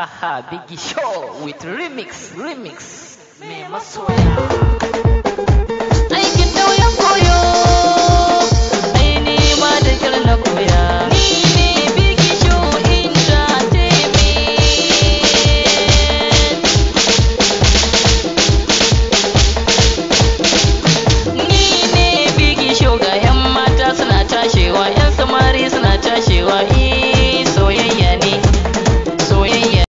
Haha, Biggie Show with remix, remix. Me,